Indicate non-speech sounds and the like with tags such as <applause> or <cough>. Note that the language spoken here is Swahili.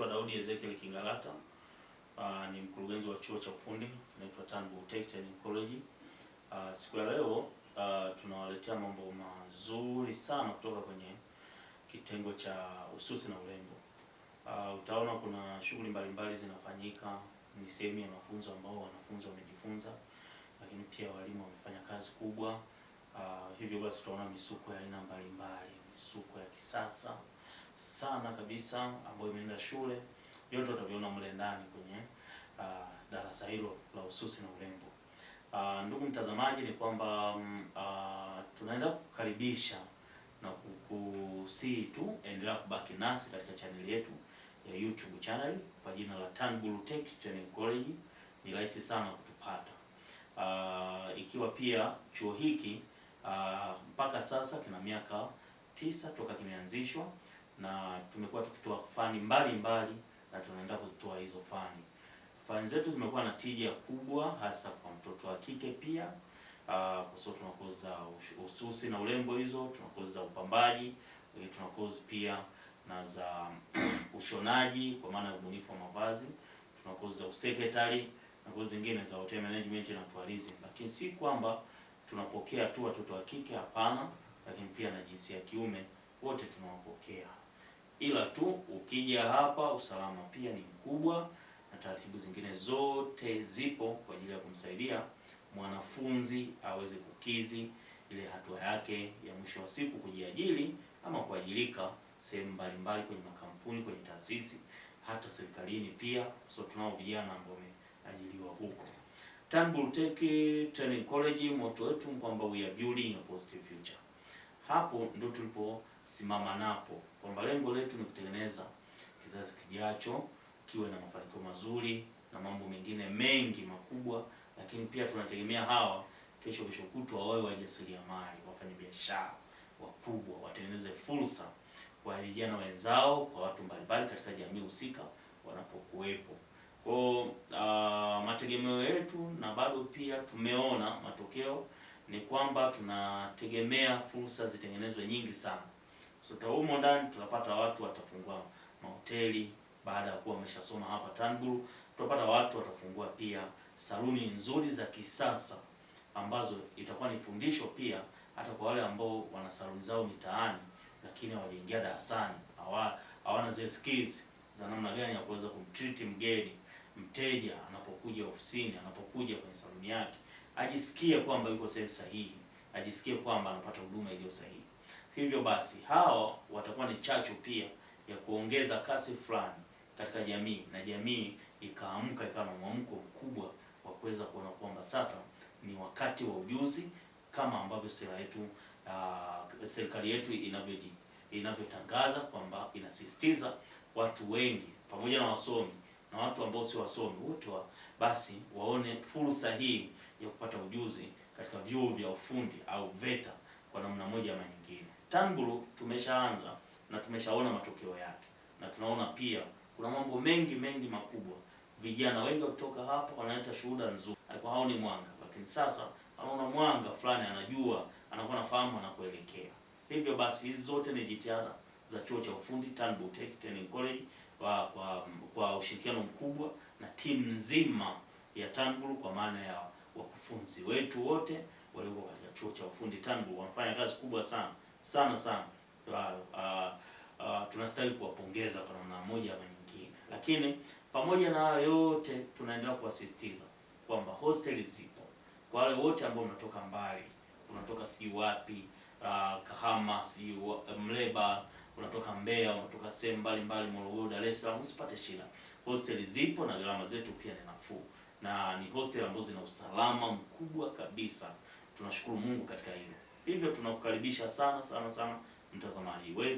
Naitwa Daudi Ezekiel Kingalata. Uh, ni mkurugenzi wa chuo cha ufundi kinaitwa Turnbull Tech and College. Uh, siku ya leo uh, tunawaletea mambo mazuri sana kutoka kwenye kitengo cha ususi na urembo. Uh, utaona kuna shughuli mbalimbali zinafanyika, ni sehemu ya mafunzo ambao wanafunzi wamejifunza, lakini pia walimu wamefanya kazi kubwa. Uh, hivyo basi tutaona misuko ya aina mbalimbali, misuko ya kisasa sana kabisa ambayo imeenda shule, yote utaviona mle ndani kwenye uh, darasa hilo la ususi na urembo. Uh, ndugu mtazamaji, ni kwamba uh, tunaenda kukaribisha na kukusii tu endelea kubaki nasi katika chaneli yetu ya YouTube channel kwa jina la Turnbull Tech Training College. Ni rahisi sana kutupata. Uh, ikiwa pia chuo hiki uh, mpaka sasa kina miaka tisa toka kimeanzishwa na tumekuwa tukitoa fani mbali mbali na tunaenda kuzitoa hizo fani. Fani zetu zimekuwa na tija kubwa, hasa kwa mtoto wa kike pia ah, kwa sababu tunakoza ususi na urembo, hizo tunakoza upambaji, eh, tunakoza pia na za <clears throat> ushonaji kwa maana ya ubunifu wa mavazi, tunakoza usekretari na kozi zingine za hotel management na tourism, lakini si kwamba tunapokea tu watoto wa kike, hapana, lakini pia na jinsia ya kiume wote tunawapokea ila tu ukija hapa usalama pia ni mkubwa na taratibu zingine zote zipo kwa ajili ya kumsaidia mwanafunzi aweze kukizi ile hatua yake ya mwisho wa siku kujiajiri ama kuajirika sehemu mbalimbali kwenye makampuni, kwenye taasisi, hata serikalini pia. So tunao vijana ambao wameajiriwa huko. Turnbull Tech Training College, moto wetu kwamba we are building a positive future. Hapo ndo tuliposimama napo kwamba lengo letu ni kutengeneza kizazi kijacho kiwe na mafanikio mazuri na mambo mengine mengi makubwa, lakini pia tunategemea hawa kesho kesho kutwa wawe wajasiriamali, biashara wakubwa, watengeneze fursa kwa vijana wenzao, kwa watu mbalimbali katika jamii husika wanapokuwepo. Kwa uh, mategemeo yetu na bado pia tumeona matokeo ni kwamba tunategemea fursa zitengenezwe nyingi sana. Sota humo ndani tutapata watu watafungua mahoteli baada ya kuwa wameshasoma hapa Tangul, tutapata watu watafungua pia saluni nzuri za kisasa ambazo itakuwa ni fundisho pia hata kwa wale ambao wana saluni zao mitaani lakini hawajaingia darasani, hawana zile skills za namna gani ya kuweza kumtreat mgeni mteja ana anapokuja ofisini, anapokuja kwenye saluni yake, ajisikie kwamba yuko sehemu sahihi, ajisikie kwamba anapata huduma iliyo sahihi. Hivyo basi hawa watakuwa ni chachu pia ya kuongeza kasi fulani katika jamii na jamii ikaamka ikawa na mwamko mkubwa wa kuweza kuona kwamba sasa ni wakati wa ujuzi kama ambavyo sera yetu uh, serikali yetu inavyotangaza kwamba inasisitiza watu wengi pamoja na wasomi na watu ambao sio wasomi wote basi waone fursa hii ya kupata ujuzi katika vyuo vya ufundi au VETA kwa namna moja ama nyingine. Tangulu tumeshaanza na tumeshaona matokeo yake, na tunaona pia kuna mambo mengi mengi makubwa. Vijana wengi kutoka hapa wanaleta shuhuda nzuri, alikuwa ni mwanga, lakini sasa anaona mwanga fulani, anajua, anakuwa nafahamu anakuelekea. Hivyo basi hizi zote ni jitihada za chuo cha ufundi Turnbull Tech Training College kwa, kwa, kwa ushirikiano mkubwa na timu nzima ya Turnbull kwa maana ya wakufunzi wetu wote walioko katika chuo cha ufundi Turnbull wamefanya kazi kubwa sana sana sana. Uh, uh, uh, tunastahili kuwapongeza kwa namna moja ama nyingine, lakini pamoja na hayo yote tunaendelea kuwasisitiza kwamba hosteli zipo kwa wale wote ambao unatoka mbali, unatoka sijui wapi, Kahama, sijui Mleba unatoka Mbeya, unatoka sehemu mbalimbali, Morogoro, Dar es Salaam, usipate shida. Hosteli zipo na gharama zetu pia ni nafuu, na ni hosteli ambazo zina usalama mkubwa kabisa. Tunashukuru Mungu katika hilo. Hivyo tunakukaribisha sana sana sana mtazamaji wetu.